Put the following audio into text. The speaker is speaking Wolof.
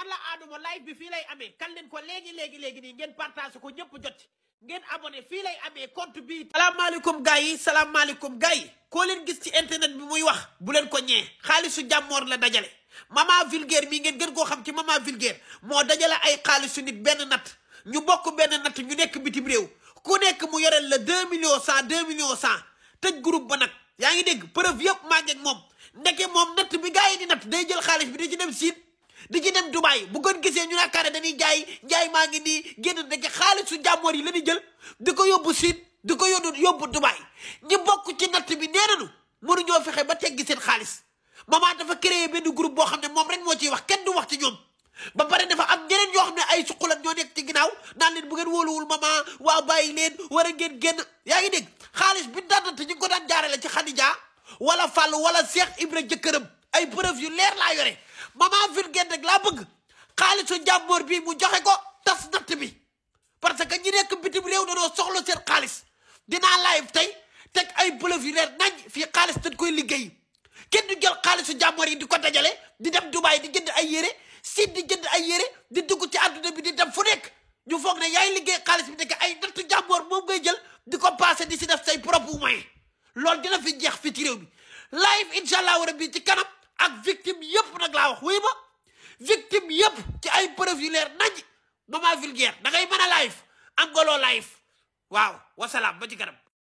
alla aaduma live bi fii lay amee kan leen ko léegi léegi léegi nii ngeen partage ko ñëpp jot ngeen abonné fii lay amee compte bi. salaamaaleykum gars yi salaamaaleykum gars yi koo leen gis ci internet bi muy wax bu leen ko ñee xaalisu jàmmoor la dajale maman vulgaire mii ngeen gën koo xam ci maman vulgaire moo dajale ay xaalisu nit benn natt ñu bokk benn natt ñu nekk bitim réew ku nekk mu yoreel la deux millions cent deux millions cent tëj groupe ba nag yaa ngi dégg preuve yëpp maa ngeeg moom ndeke moom natt bi gars yi di natt day jël xaalis bi di ci dem siit. di ci dem Dubaay bu gën gisee ñu naan carré dañuy jaay jaay maa ngi nii génn da ci xaalisu jàmmoor yi la ñuy jël di ko yóbbu Siin di ko yóbbu yóbbu Dubaay ñi bokk ci natt bi nee nañu mënuñoo fexe ba teg seen xaalis maman dafa créé benn groupe boo xam ne moom rek moo ciy wax kenn du wax ci ñoom. ba pare dafa am ñeneen ñoo xam ne ay suqulan ñoo nekk ci ginnaaw daal leen bu ngeen wóoluwul maman waa bàyyi leen war a ngeen génn yaa ngi dégg xaalis bi daan natt ko daan jaarale ci Xadija wala Fall wala Cheikh Ibra jëkkëram ay preuve yu leer laa yore ma maman Virgène nag laa bëgg xaalisu njàmboor bi mu joxe ko tas natt bi parce que ñi nekk bitim réew dañoo soxla seen xaalis dinaa live tey teg ay bëlëf yu leer nañ fii xaalis dañ koy liggéey kenn du jël xaalisu njàmboor yi di ko dajale di dem Dubaay di jënd ay yére si di jënd ay yére di dugg ci àdduna bi di dem fu nekk ñu foog ne yaay liggéey xaalis bi nekk ay nattu njàmboor moom ngay jël di ko passé di si def say propre moyen loolu dina fi jeex fi ci réew bi live incha allah rabbi ci kanam ak victime yëpp nag laa wax wuy ma victime yëpp ci ay preuve yu leer nañ maman vulgaire da ngay mën a live am goloo live waaw wasalaam ba ci kanam